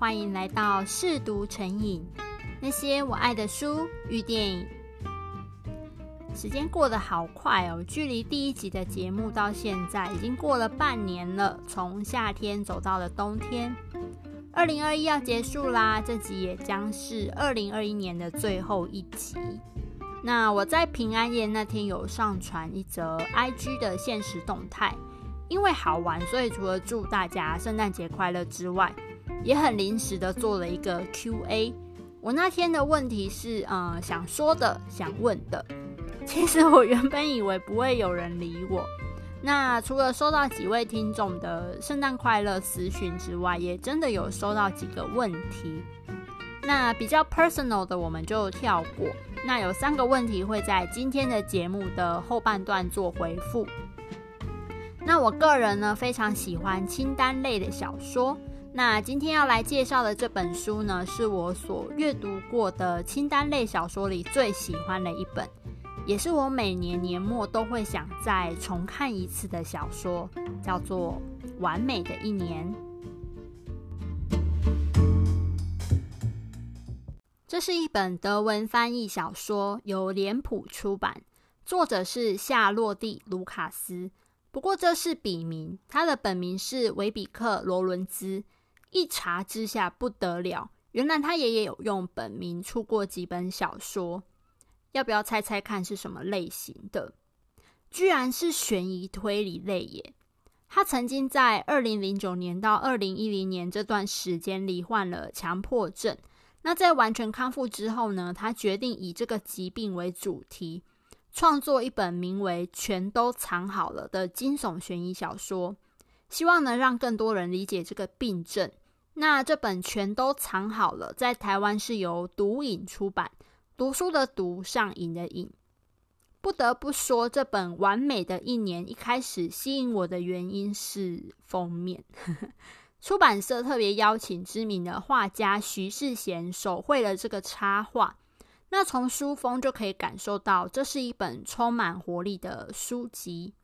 歡迎來到試讀成癮，那些我愛的書與電影。時間過得好快哦，距離第一集的節目到現在已經過了半年了，從夏天走到了冬天。二零二一要結束啦，這集也將是二零二一年的最後一集。那我在平安夜那天有上傳一則 IG 的限時動態，因為好玩，所以除了祝大家聖誕節快樂之外。也很臨時的做了一個 Q&A。我那天的問題是，呃，想說的、想問的。其實我原本以為不會有人理我。那除了收到幾位聽眾的聖誕快樂私訊之外，也真的有收到幾個問題。那比較 personal 的我們就跳過。那有三個問題會在今天的節目的後半段做回復。那我個人呢，非常喜歡清單類的小說。那今天要來介紹的這本書呢，是我所閱讀過的清單類小說裡最喜歡的一本，也是我每年年末都會想再重看一次的小說，叫做《完美的一年》。這是一本德文翻譯小說，由臉譜出版，作者是夏洛蒂·盧卡斯，不過這是筆名，他的本名是維比克·羅倫茲。一查之下不得了，原來他爺爺有用本名出過幾本小說，要不要猜猜看是什麼類型的？居然是懸疑推理類耶！他曾經在二零零九年到二零一零年這段時間罹患了強迫症，那在完全康復之後呢，他決定以這個疾病為主題，創作一本名為《全都藏好了》的驚悚懸疑小說，希望能讓更多人理解這個病症。那這本全都藏好了，在台灣是由讀癮出版，讀書的讀，上癮的癮。不得不說，這本完美的一年一開始吸引我的原因是封面， 出版社特別邀請知名的畫家徐世賢手繪了這個插畫。那從書封就可以感受到，這是一本充滿活力的書籍。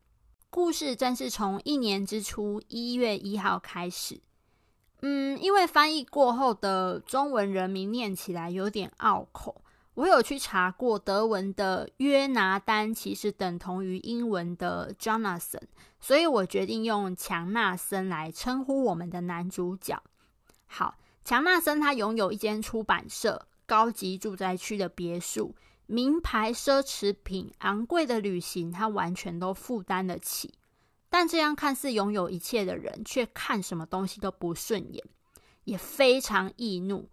故事正是從一年之初一月一號開始。嗯，因為翻譯過後的中文人名念起來有點拗口，我有去查過德文的約拿丹其實等同於英文的 Jonathan，所以我決定用強納森來稱呼我們的男主角。好，強納森他擁有一間出版社、高級住宅區的別墅、名牌奢侈品、昂貴的旅行，他完全都負擔得起。但這樣看似擁有一切的人，卻看什麼東西都不順眼，也非常易怒。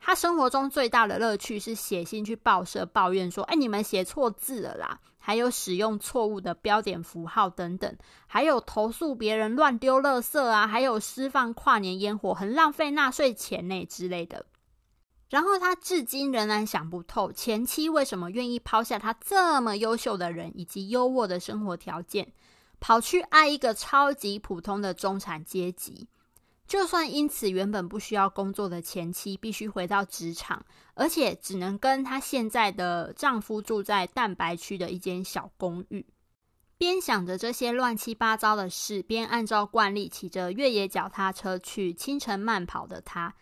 他生活中最大的樂趣是寫信去報社抱怨，說：“哎、欸，你們寫錯字了啦，還有使用錯誤的標點符號等等，還有投訴別人亂丟垃圾啊，還有施放跨年煙火，很浪費納稅錢呢之類的。”然後他至今仍然想不透前妻為什麼願意拋下他這麼優秀的人，以及優渥的生活條件。跑去愛一個超級普通的中產階級，就算因此原本不需要工作的前妻必須回到職場，而且只能跟她現在的丈夫住在蛋白區的一間小公寓。邊想着這些亂七八糟的事，邊按照慣例騎着越野腳踏車去清晨慢跑的她，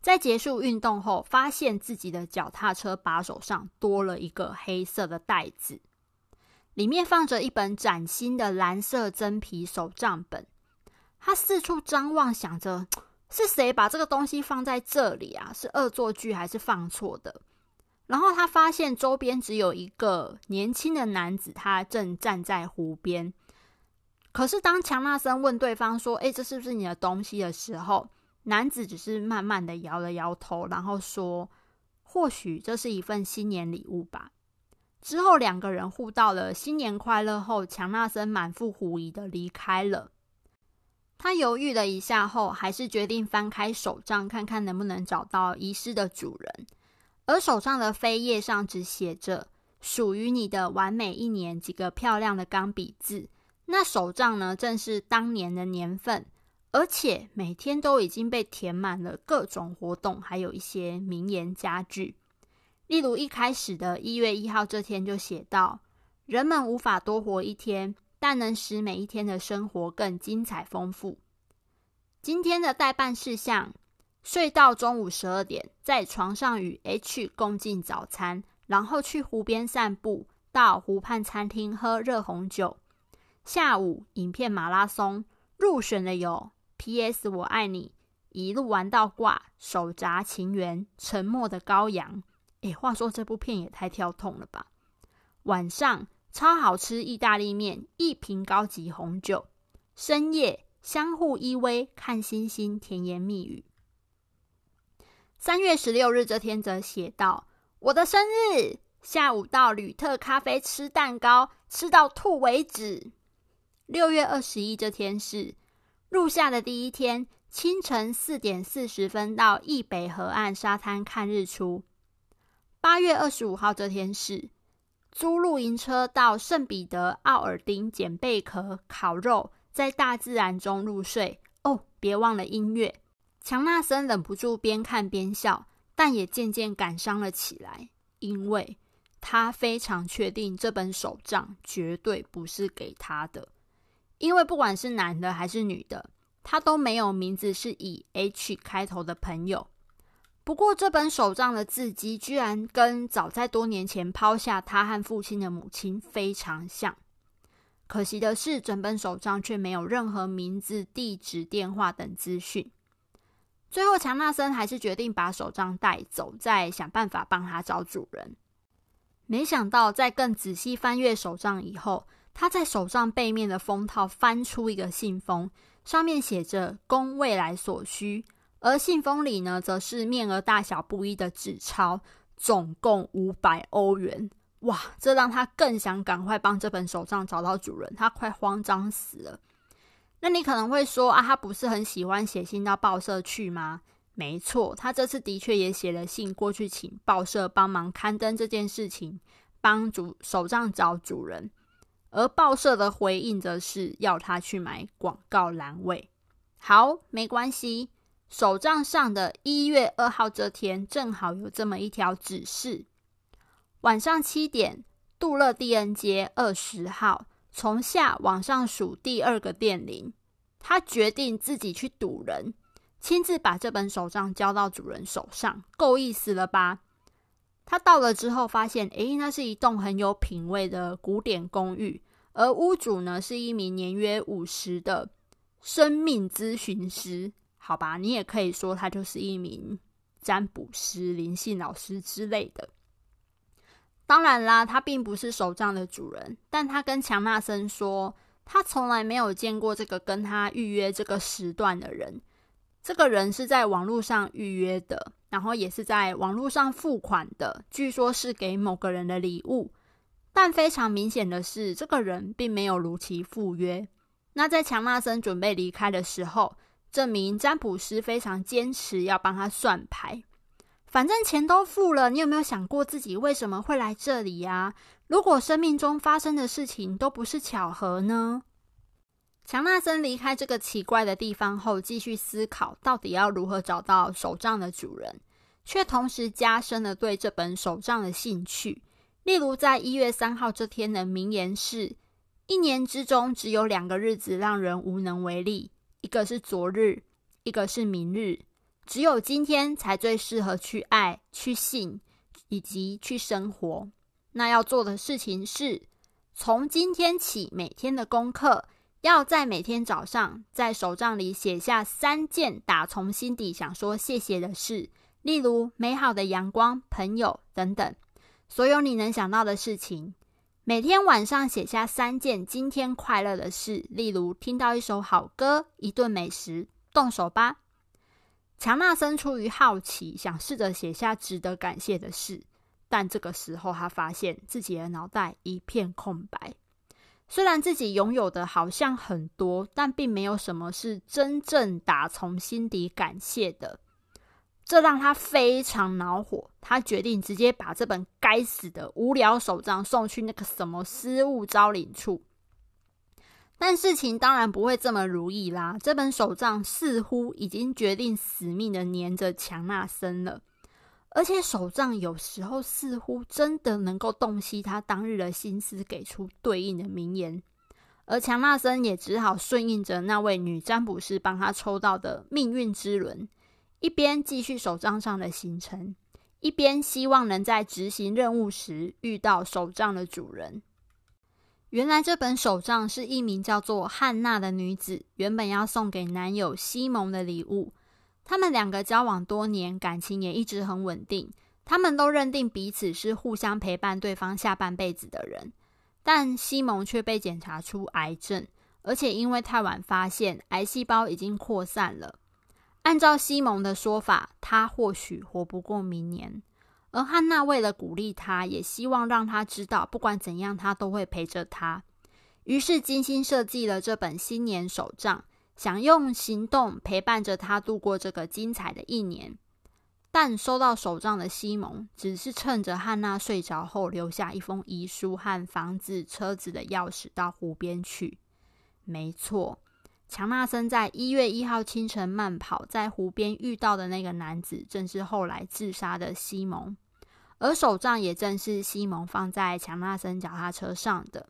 在結束運動後，發現自己的腳踏車把手上多了一個黑色的袋子。裡面放着一本嶄新的藍色真皮手帳本。他四處張望想著是誰把這個東西放在這裡啊？是惡作劇還是放錯的？然後他發現周邊只有一個年輕的男子，他正站在湖邊。可是當強納森問對方說：“哎，這是不是你的東西？”的時候，男子只是慢慢的搖了搖頭，然後說：“或許這是一份新年禮物吧。”之後，兩個人互道了“新年快樂”後，強納森滿腹狐疑的離開了。他猶豫了一下後，還是決定翻開手賬，看看能不能找到遺失的主人。而手帳的扉頁上只寫着“屬於你的完美一年”幾個漂亮的鋼筆字。那手賬呢，正是當年的年份，而且每天都已經被填滿了各種活動，還有一些名言佳句。例如一開始的一月一號這天就寫道人們無法多活一天，但能使每一天的生活更精彩豐富。今天的待辦事項：睡到中午十二點，在床上與 H 共進早餐，然後去湖邊散步，到湖畔餐廳喝熱紅酒。下午影片馬拉松入選了有：P.S. 我愛你，一路玩到掛，手札情緣，沉默的羔羊。誒，話說這部片也太跳痛了吧！晚上超好吃意大利麵，一瓶高級紅酒，深夜相互依偎看星星，甜言蜜語。三月十六日這天則寫道：“我的生日，下午到呂特咖啡吃蛋糕，吃到吐為止。”六月二十一這天是入夏的第一天，清晨四點四十分到易北河岸沙灘看日出。八月二十五號這天是租露營車到聖彼得奧爾丁撿貝殼、烤肉，在大自然中入睡。哦，別忘了音樂。強納森忍不住邊看邊笑，但也漸漸感傷了起來，因為他非常確定這本手帳絕對不是給他的，因為不管是男的還是女的，他都沒有名字是以 H 開頭的朋友。不過，這本手賬的字跡居然跟早在多年前拋下他和父親的母親非常像。可惜的是，整本手賬卻沒有任何名字、地址、電話等資訊。最後，強納森還是決定把手賬帶走，再想辦法幫他找主人。沒想到，在更仔細翻閱手賬以後，他在手賬背面的封套翻出一個信封，上面寫着“供未來所需”。而信封裡呢，則是面額大小不一的紙鈔，總共五百歐元。哇，這讓他更想趕快幫這本手賬找到主人，他快慌張死了。那你可能會說，啊，他不是很喜歡寫信到報社去嗎？沒錯，他這次的確也寫了信過去，請報社幫忙刊登這件事情，幫主手賬找主人。而報社的回應則是要他去買廣告欄位。好，沒關係。手賬上的一月二號這天，正好有這麼一條指示：晚上七點，杜勒狄恩街二十號，從下往上數第二個電鈴。他決定自己去堵人，親自把這本手賬交到主人手上，夠意思了吧？他到了之後，發現，哎，那是一棟很有品味的古典公寓，而屋主呢，是一名年約五十的生命諮詢師。好吧，你也可以說他就是一名占卜師、靈性老師之類的。當然啦，他並不是手帳的主人，但他跟強納森說，他從來沒有見過這個跟他預約這個時段的人。這個人是在網絡上預約的，然後也是在網絡上付款的，據說是給某個人的禮物。但非常明顯的是，這個人並沒有如期赴約。那在強納森準備離開的時候，這名占卜師非常堅持要幫他算牌，反正錢都付了。你有沒有想過自己為什麼會來這裡啊？如果生命中發生的事情都不是巧合呢？強納森離開這個奇怪的地方後，繼續思考到底要如何找到手賬的主人，卻同時加深了對這本手賬的興趣。例如，在一月三號這天的名言是：“一年之中只有兩個日子讓人無能為力。”一個是昨日，一個是明日，只有今天才最適合去愛、去信以及去生活。那要做的事情是，從今天起，每天的功課要在每天早上在手賬裡寫下三件打從心底想說謝謝的事，例如美好的陽光、朋友等等，所有你能想到的事情。每天晚上寫下三件今天快樂的事，例如聽到一首好歌、一頓美食。動手吧！強納森出於好奇，想試着寫下值得感謝的事，但這個時候他發現自己的腦袋一片空白。雖然自己擁有的好像很多，但並沒有什麼是真正打從心底感謝的。這讓他非常惱火，他決定直接把這本該死的無聊手賬送去那個什麼失物招領處。但事情當然不會這麼如意啦！這本手賬似乎已經決定死命的黏着強納森了，而且手賬有時候似乎真的能夠洞悉他當日的心思，給出對應的名言。而強納森也只好順應着那位女占卜師幫他抽到的命運之輪。一邊繼續手帳上的行程，一邊希望能在執行任務時遇到手帳的主人。原來這本手帳是一名叫做漢娜的女子，原本要送給男友西蒙的禮物。他們兩個交往多年，感情也一直很穩定。他們都認定彼此是互相陪伴對方下半輩子的人。但西蒙卻被檢查出癌症，而且因為太晚發現，癌細胞已經擴散了。按照西蒙的說法，他或許活不過明年。而漢娜為了鼓勵他，也希望讓他知道，不管怎樣，他都會陪着他。於是精心設計了這本新年手帳，想用行動陪伴着他度過這個精彩的一年。但收到手帳的西蒙，只是趁着漢娜睡着後，留下一封遺書和房子、車子的鑰匙到湖邊去。沒錯。強納森在一月一號清晨慢跑，在湖邊遇到的那個男子，正是後來自殺的西蒙，而手杖也正是西蒙放在強納森腳踏車上的。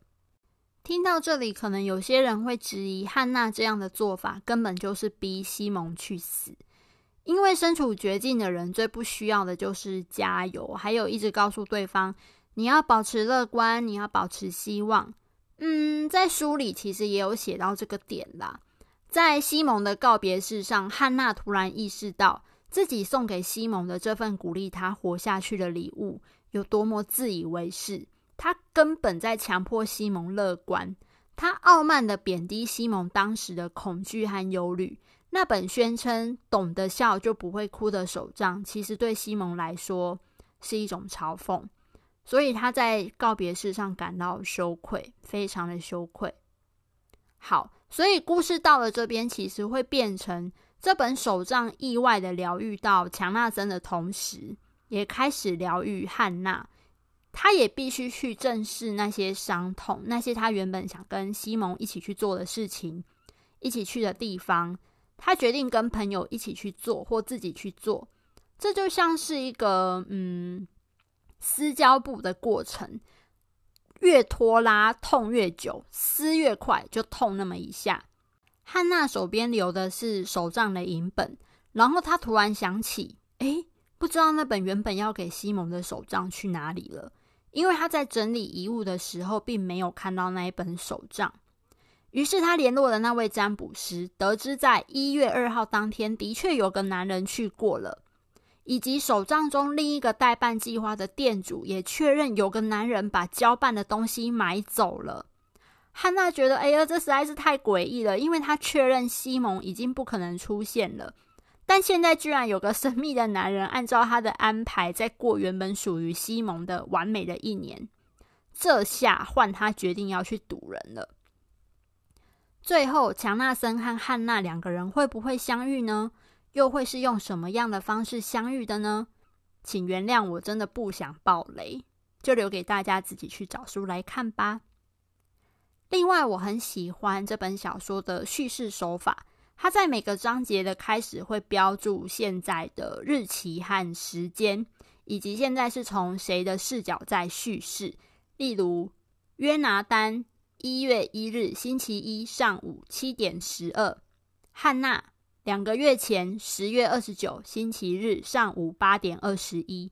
聽到這裡，可能有些人會質疑漢娜這樣的做法，根本就是逼西蒙去死，因為身處絕境的人最不需要的就是加油，還有一直告訴對方你要保持樂觀，你要保持希望。嗯，在書裡其實也有寫到這個點啦。在西蒙的告別式上，漢娜突然意識到自己送給西蒙的這份鼓勵他活下去的禮物有多麼自以為是。他根本在強迫西蒙樂觀，他傲慢地貶低西蒙當時的恐懼和憂慮。那本宣稱“懂得笑就不會哭”的手賬，其實對西蒙來說是一種嘲諷。所以他在告別式上感到羞愧，非常的羞愧。好。所以，故事到了這邊，其實會變成這本手賬意外的療癒到強納森的同時，也開始療癒漢娜。他也必須去正視那些傷痛，那些他原本想跟西蒙一起去做的事情，一起去的地方。他決定跟朋友一起去做，或自己去做。這就像是一個嗯，私交部的過程。越拖拉，痛越久；撕越快，就痛那麼一下。漢娜手邊留的是手賬的影本，然後她突然想起，哎，不知道那本原本要給西蒙的手賬去哪裡了？因為她在整理遺物的時候，並沒有看到那一本手賬。於是她聯絡了那位占卜師，得知在一月二號當天，的確有個男人去過了。以及手賬中另一個代辦計劃的店主也確認，有個男人把交辦的東西買走了。漢娜覺得，哎呀，這實在是太詭異了，因為她確認西蒙已經不可能出現了，但現在居然有個神秘的男人按照他的安排，在過原本屬於西蒙的完美的一年。這下換他決定要去堵人了。最後，強納森和漢娜兩個人會不會相遇呢？又會是用什麼樣的方式相遇的呢？請原諒，我真的不想爆雷，就留給大家自己去找書來看吧。另外，我很喜歡這本小說的敘事手法，它在每個章節的開始會標注現在的日期和時間，以及現在是從誰的視角在敘事。例如，約拿丹，一月一日星期一上午七點十二，漢娜。兩個月前，十月二十九，星期日上午八點二十一。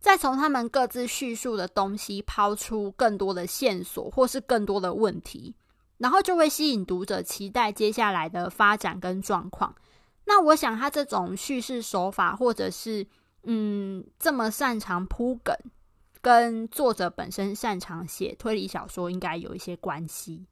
再從他們各自敘述的東西拋出更多的線索，或是更多的問題，然後就會吸引讀者期待接下來的發展跟狀況。那我想，他這種敘事手法，或者是嗯，這麼擅長鋪梗，跟作者本身擅長寫推理小說，應該有一些關係。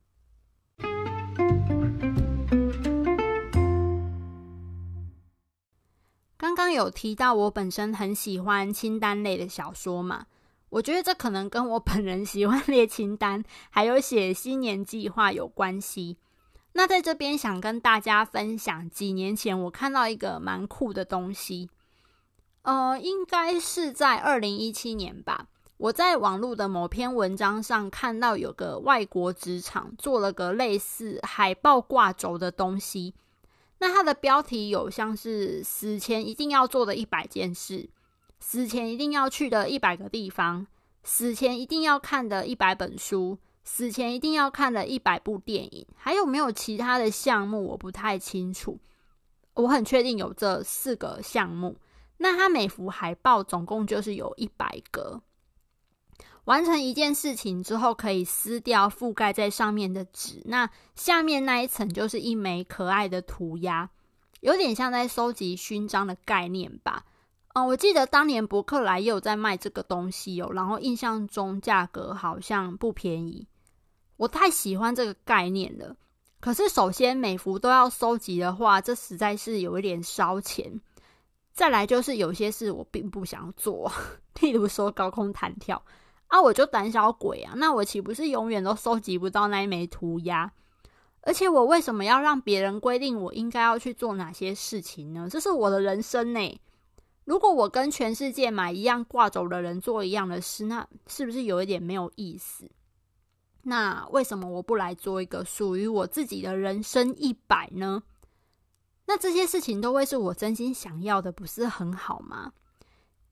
剛剛有提到我本身很喜歡清單類的小說嘛，我覺得這可能跟我本人喜歡列清單，還有寫新年計劃有關係。那在這邊想跟大家分享，幾年前我看到一個蠻酷的東西，呃，應該是在二零一七年吧，我在網絡的某篇文章上看到有個外國職場做了個類似海報掛軸的東西。那它的標題有像是死前一定要做的一百件事，死前一定要去的一百個地方，死前一定要看的一百本書，死前一定要看的一百部電影，還有沒有其他的項目？我不太清楚。我很確定有這四個項目。那它每幅海報總共就是有一百個。完成一件事情之後，可以撕掉覆蓋在上面的紙，那下面那一層就是一枚可愛的塗鴉，有點像在收集勳章的概念吧。嗯、哦，我記得當年博客來也有在賣這個東西哦，然後印象中價格好像不便宜。我太喜歡這個概念了，可是首先每幅都要收集的話，這實在是有一點燒錢。再來就是有些事我並不想做， 例如說高空彈跳。啊，我就膽小鬼啊！那我豈不是永遠都收集不到那一枚塗鴉？而且我為什麼要讓別人規定我應該要去做哪些事情呢？這是我的人生呢、欸！如果我跟全世界買一樣掛軸的人做一樣的事，那是不是有一點沒有意思？那為什麼我不來做一個屬於我自己的人生一百呢？那這些事情都會是我真心想要的，不是很好嗎？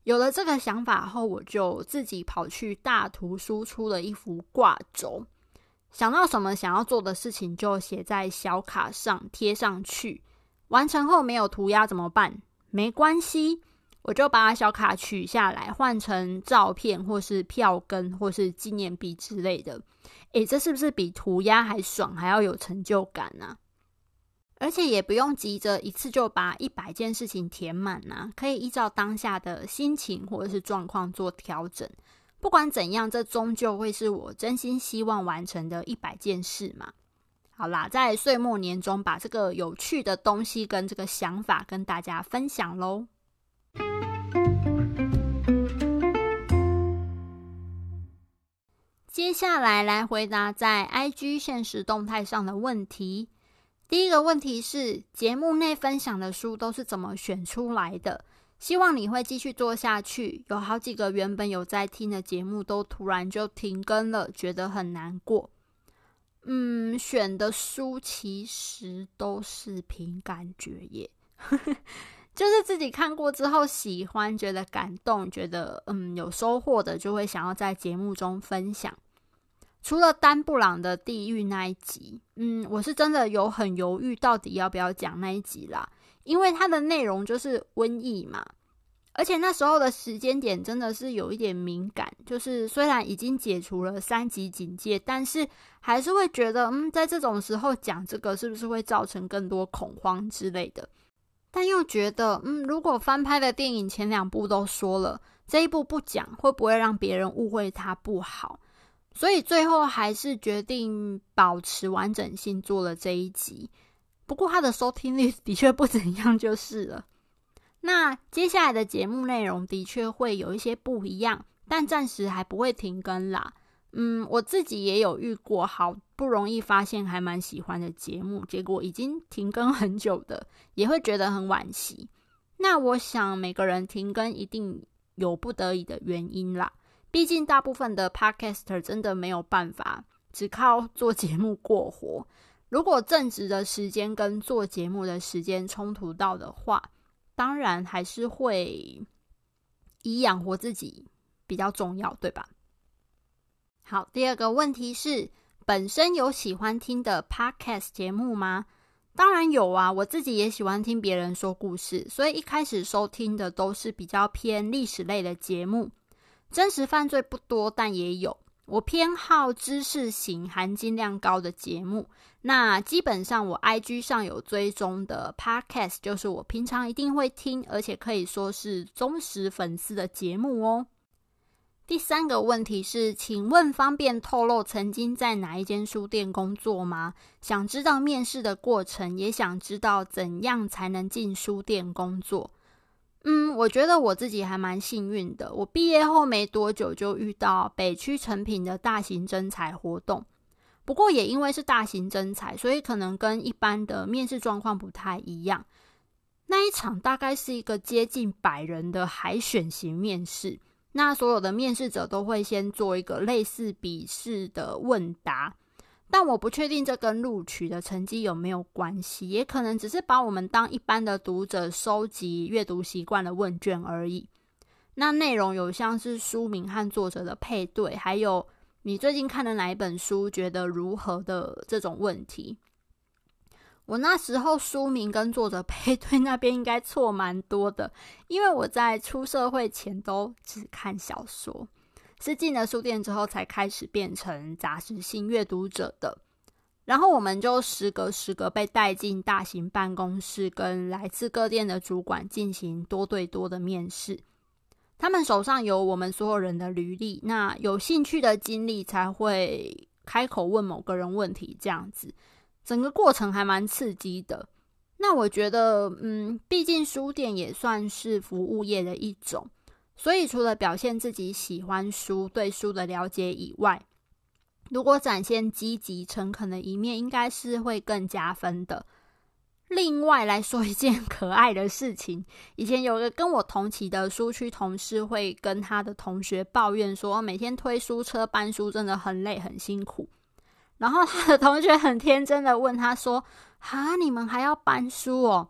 有了這個想法後，我就自己跑去大圖輸出了一幅掛軸。想到什麼想要做的事情，就寫在小卡上貼上去。完成後沒有塗鴉怎麼辦？沒關係，我就把小卡取下來換成照片，或是票根，或是紀念幣之類的。誒，這是不是比塗鴉還爽，還要有成就感呢？啊？而且也不用急着一次就把一百件事情填滿吶、啊，可以依照當下的心情或者是狀況做調整。不管怎樣，這終究會是我真心希望完成的一百件事嘛。好啦，在歲末年終，把這個有趣的東西跟這個想法跟大家分享嘍。接下來來回答在 IG 限時動態上的問題。第一個問題是，節目內分享的書都是怎麼選出來的？希望你會繼續做下去。有好幾個原本有在聽的節目都突然就停更了，覺得很難過。嗯，選的書其實都是憑感覺耶， 就是自己看過之後喜歡、覺得感動、覺得，嗯，有收穫的，就會想要在節目中分享。除了丹布朗的《地獄》那一集，嗯，我是真的有很猶豫到底要不要講那一集啦，因為它的內容就是瘟疫嘛，而且那時候的時間點真的是有一點敏感，就是雖然已經解除了三級警戒，但是還是會覺得，嗯，在這種時候講這個是不是會造成更多恐慌之類的？但又覺得，嗯，如果翻拍的電影前兩部都說了，這一部不講，會不會讓別人誤會它不好？所以最後還是決定保持完整性，做了這一集。不過它的收聽率的確不怎樣，就是了。那接下來的節目內容的確會有一些不一樣，但暫時還不會停更啦。嗯，我自己也有遇過，好不容易發現還蠻喜歡的節目，結果已經停更很久的，也會覺得很惋惜。那我想每個人停更一定有不得已的原因啦。畢竟，大部分的 Podcaster 真的沒有辦法只靠做節目過活。如果正職的時間跟做節目的時間衝突到的話，當然還是會以養活自己比較重要，對吧？好，第二個問題是：本身有喜歡聽的 Podcast 節目嗎？當然有啊，我自己也喜歡聽別人說故事，所以一開始收聽的都是比較偏歷史類的節目。真實犯罪不多，但也有。我偏好知識型、含金量高的節目。那基本上，我 IG 上有追蹤的 Podcast，就是我平常一定會聽，而且可以說是忠實粉絲的節目哦。第三個問題是，請問方便透露曾經在哪一間書店工作嗎？想知道面試的過程，也想知道怎樣才能進書店工作。嗯，我覺得我自己還蠻幸運的。我畢業後沒多久就遇到北區誠品的大型徵才活動。不過也因為是大型徵才，所以可能跟一般的面試狀況不太一樣。那一場大概是一個接近百人的海選型面試，那所有的面試者都會先做一個類似筆試的問答。但我不確定這跟錄取的成績有沒有關係，也可能只是把我們當一般的讀者收集閱讀習慣的問卷而已。那內容有像是書名和作者的配對，還有你最近看的哪一本書覺得如何的這種問題。我那時候書名跟作者配對那邊應該錯蠻多的，因為我在出社會前都只看小說。是進了書店之後，才開始變成雜食性閱讀者的。然後我們就時隔時隔被帶進大型辦公室，跟來自各店的主管進行多對多的面試。他們手上有我們所有人的履歷，那有興趣的經歷才會開口問某個人問題，這樣子。整個過程還蠻刺激的。那我覺得，嗯，畢竟書店也算是服務業的一種。所以，除了表現自己喜歡書、對書的了解以外，如果展現積極、誠懇的一面，應該是會更加分的。另外來說一件可愛的事情，以前有個跟我同期的書區同事，會跟他的同學抱怨說，每天推書車、搬書真的很累、很辛苦。然後他的同學很天真的問他說：“啊，你們還要搬書哦？”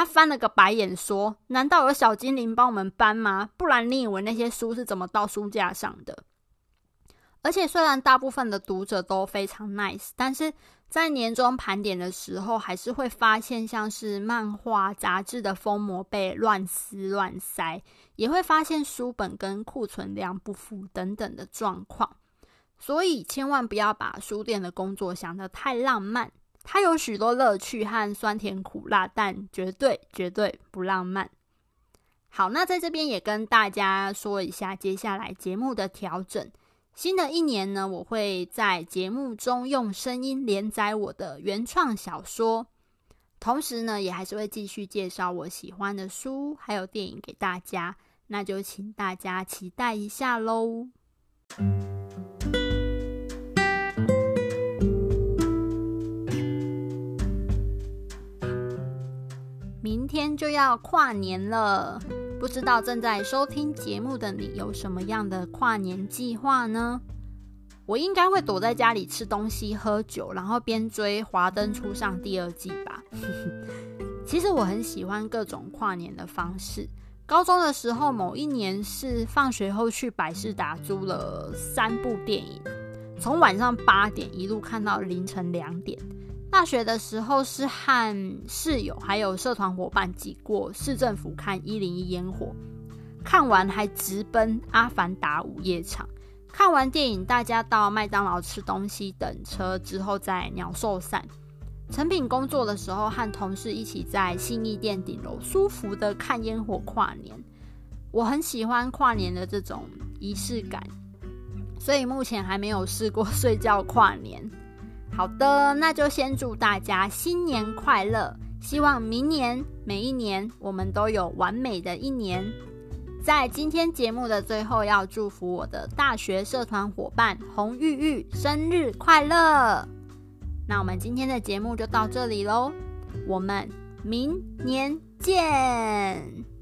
他翻了個白眼說：“難道有小精靈幫我們搬嗎？不然你以為那些書是怎麼到書架上的？而且，雖然大部分的讀者都非常 nice，但是在年終盤點的時候，還是會發現像是漫畫雜誌的封膜被亂撕亂塞，也會發現書本跟庫存量不符等等的狀況。所以，千萬不要把書店的工作想得太浪漫。”它有許多樂趣和酸甜苦辣，但絕對絕對不浪漫。好，那在這邊也跟大家說一下接下來節目的調整。新的一年呢，我會在節目中用聲音連載我的原創小說，同時呢，也還是會繼續介紹我喜歡的書還有電影給大家。那就請大家期待一下嘍。嗯今天就要跨年了，不知道正在收聽節目的你有什麼樣的跨年計劃呢？我應該會躲在家裡吃東西、喝酒，然後邊追《華燈初上》第二季吧。 其實我很喜歡各種跨年的方式。高中的時候，某一年是放學後去百事達租了三部電影，從晚上八點一路看到凌晨兩點。大學的時候是和室友還有社團夥伴擠過市政府看一零一煙火，看完還直奔《阿凡達》午夜場。看完電影，大家到麥當勞吃東西，等車之後再鳥獸散。成品工作的時候，和同事一起在信義店頂樓舒服的看煙火跨年。我很喜歡跨年的這種儀式感，所以目前還沒有試過睡覺跨年。好的，那就先祝大家新年快樂！希望明年每一年我們都有完美的一年。在今天節目的最後，要祝福我的大學社團夥伴洪玉玉生日快樂！那我們今天的節目就到這裡嘍，我們明年見！